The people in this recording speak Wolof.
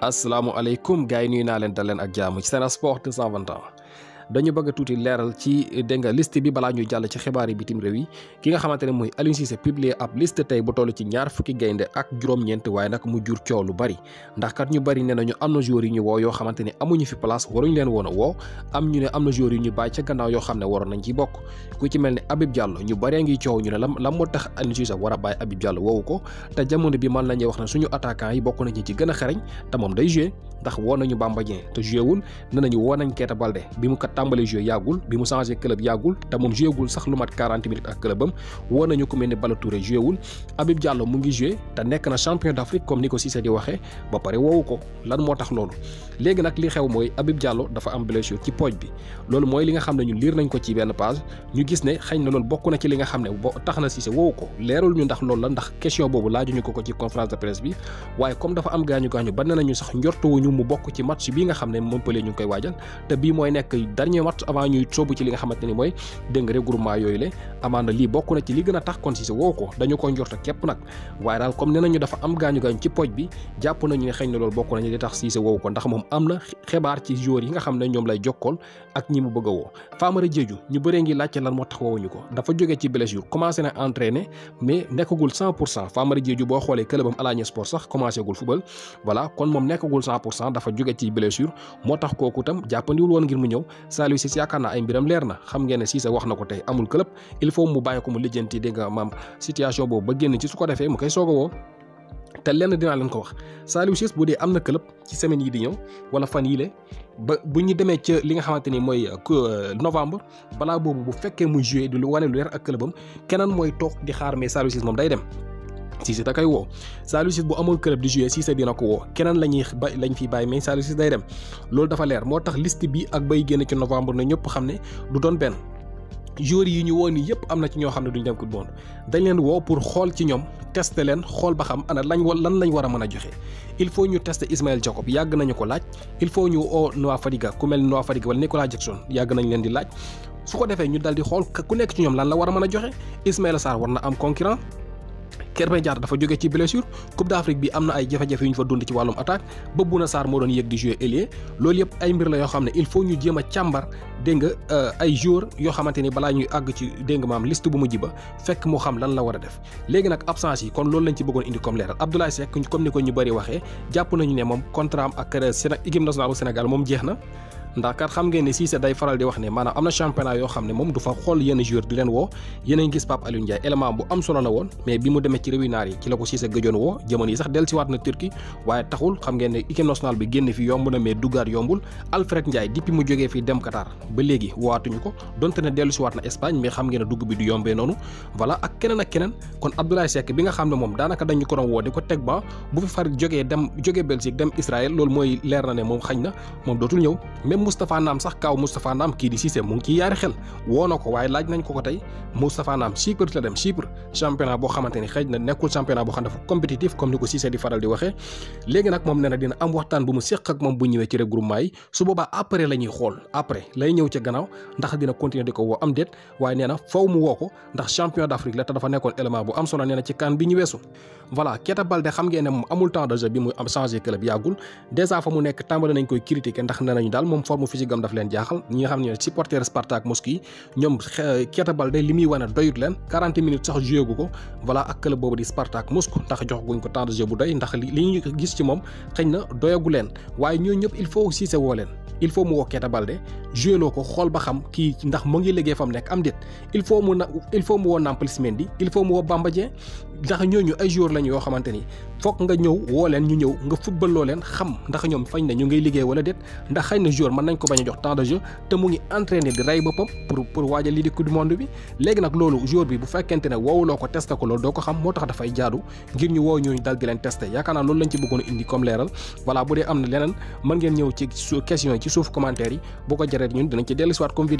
asalaamualeykum gars yi nuyu naa leen dal leen ak jaamu ci Sen Sport 221 dañu bëgg tuuti leeral ci dégg nga liste bi balaa ñuy jàll ci xibaar yi bitim réew yi ki nga xamante ne mooy Aliou Cissé publié ab liste tey bu toll ci ñaar fukki gaynde ak juróom-ñeent waaye nag mu jur coow lu bari ndax kat ñu bari nee nañu am na joueurs yi ñu woo yoo xamante ne amuñu fi place waruñu leen woon woo am ñu ne am na joueurs yu ñu bàyyi ca gannaaw yoo xam ne waroon nañ ci bokk ku ci mel ne Habib Diallo ñu bari ngi coow ñu ne la lan moo tax Aliou Cissé war a bàyyi Habib Diallo woowu ko te jamono bi man la ñuy wax ne suñu attaquant yi bokk nañ ci gën a xarañ te moom day joué ndax woo nañu Bamba te joué wul nee nañu woo nañ Keita Baldé bi kat tàmbali joué yàggul bi mu changé club yàggul te moom joué sax lu mat minutes ak club am woo nañu ko ni Bala Touré joué wul mu ngi joué te nekk na champion d' comme ni ko Cissé di waxee ba pare woowu ko lan moo tax loolu. léegi nag li xew mooy Habib Diallo dafa am blessure ci pooj bi loolu mooy li nga xam ne ñun liir nañ ko ci benn page ñu gis ne xëy na loolu bokk na ci li nga xam ne bo tax na Cissé woowu ko leerul ñu ndax loolu dernier match avant ñuy sóobu ci li nga xamante ni mooy dégg nga regroupement yooyu le amaana lii bokk na ci li gën a tax kon si woo ko dañu ko njorta képp nag waaye daal comme nee nañu dafa am gaañu gaañu ci poj bi jàpp nañu ne xëy na loolu bokk tax Cissé woowu ko ndax moom am na xibaar ci joueurs yi nga xam ne ñoom lay jokkool ak ñi mu bëgg a woo Famara Diédhiou ñu bëree ngi laajte lan moo tax woowuñu ko dafa jógee ci blessure commencé na entraîner mais nekkagul 100 pour cent Famara Diédhiou boo xoolee clubam Alanya Sport commencé gul football voilà kon moom nekkagul 100 pour cent dafa jóge ci blessure moo tax kooku tam jàppandiwul woon ngir mu ñëw Saliou Cissé yaakaar naa ay mbiram leer na xam ngeen ne Cissé wax na ko tey amul club il faut mu bàyyi ko mu lijjanti dégg nga maam situation boobu ba génn ci su ko defee mu koy soog a woo te lenn dinaa leen ko wax Saliou Cissé bu dee am na club ci semaine yi di ñëw wala fan yii le ba bu ñu demee ca li nga xamante ni mooy euh, euh, novembre balaa boobu bu fekkee muy joué du wane lu leer ak clubam keneen mooy toog di xaar mais Saliou Cissé moom day dem. Cissé da koy woo Saliou Ciss bu amul club di jouer Cissé dina ko woo keneen la ñuy lañ fiy bàyyi mais Saliou Ciss day dem loolu dafa leer moo tax liste bi ak bay génn ci novembre na ñëpp xam ne du doon benn joueurs yi ñu woo nii yëpp am na ci ñoo xam ne duñu dem coupe du dañ leen woo pour xool ci ñoom tester leen xool ba xam ana lañ wal lan lañ war a mën a joxe il faut ñu tester Ismaël Jacob yàgg nañu ko laaj il faut ñu oo Noah Fadiga ku mel Noah Fadiga wala Nicolas yàgg nañ leen di laaj ko defee ñu dal di xool ku nekk ci ñoom lan la war a mën a joxe Ismaël Sarr war na am concurrent Krépin jaar dafa jóge ci blessure Coupe d'Afrique bi am na ay jafe-jafe yu ñu fa dund ci wàllum attaque ba Bouna Sarr moo doon yéeg di jouer ailier loolu yëpp ay mbir la yoo xam ne il faut ñu jéem a càmbar dégg euh, ay joueurs yoo xamante ni balaa ñuy àgg ci dégg nga maam liste bu mujj ba fekk moo xam lan la war a def léegi nag absence yi kon loolu lañ ci bëggoon indi comme leeral Abdoulaye Seck comme ni ko ñu bëri waxee jàpp nañu ne moom contrat am ak équipe nationale moom jeex na ndax kat xam ngeen ne Cissé day faral di wax ne maanaam am na championnat yoo xam ne moom du fa xool yenn joueur di leen woo yéen a ngi gis Pape Aliou Ndiaye élément bu am solo la woon mais bi mu demee ci réwi naar yi ci la ko Cissé gëjoon woo jamono yi sax dellusiwaat na Turquie waaye taxul xam ngeen ne équipe nationale bi génn fi yomb na mais duggaat yombul Alfred Ndiaye depuis mu jógee fii dem Qatar ba léegi woowaatuñu ko donte ne dellusiwaat na Espagne mais xam ngeen ne dugg bi du yombee noonu voilà ak keneen ak keneen kon Abdoulaye Seck bi nga xam ne moom daanaka dañu ko doon woo ko teg ba bu fi dem jógee Belgique dem Israël loolu mooy leer na ne moom xañ na moom dootul ñëw Mustafa Nam sax kaw mustafa Nam ki di Cissé mu ngi yar xel woo way Mustafa laaj nañ ko ko tay mustafa Nam Chypre la dem Chypre championnat bo xamanteni xej na nekul championnat bo xam dafa compétitif comme niko di faral di waxé légui nak mom néna dina am waxtan bu mu séq ak mom bu ñëwé ci groupe yi su boba après lañuy xol après lay ñëw ci gannaaw ndax dina continuer diko wo am déet way néna na faw mu woko ndax champion d'afrique la ta dafa nekkon élément bu am solo néna ci kan bi ñu weesu voilà Keita Baldé xam ngeen ne mom amul temps de jeu bi mu am changer club yagul déjà fa mu nekk tambal nañ koy critiquer ndax dal mom fa forme physique am daf leen jaaxal ñi xam ne supporter Spartak Moscou yi ñoom Keita Baldé li muy wane doyut leen 40 minutes sax joué gu ko voilà ak club boobu di Spartak Moscou ndax jox guñ ko temps bu doy ndax li ñu gis ci moom xëy na doyagu leen waaye ñooñu ñëpp il faut Cissé woo leen il faut mu woo Keita Baldé joué ko xool ba xam kii ndax mu ngi liggéey fa nekk am déet il faut mu na il faut mu woo Nampalys Mendy il faut mu woo Bamba Dieng ndax ñooñu ay jour lañ yoo xamante ni foog nga ñëw woo leen ñu ñëw nga footballoo leen xam ndax ñoom fañ na ñu ngay liggéey wala déet ndax xëy na jour mën nañ ko bañ a jox temps de jeu te mu ngi entraîné di rey boppam pour pour waajal di coupe du bi léegi nag loolu jour bi bu fekkente ne woowuloo ko testé ko loolu doo ko xam moo tax dafay jaadu ngir ñu woow ñooñu dal di leen testé yaakaar naa loolu lañ ci bëggoon indi comme leeral voilà bu dee am na leneen mën ngeen ñëw ci question yi suuf commentaire yi boo ko jaree ñun dinañ ci dellusiwaat comme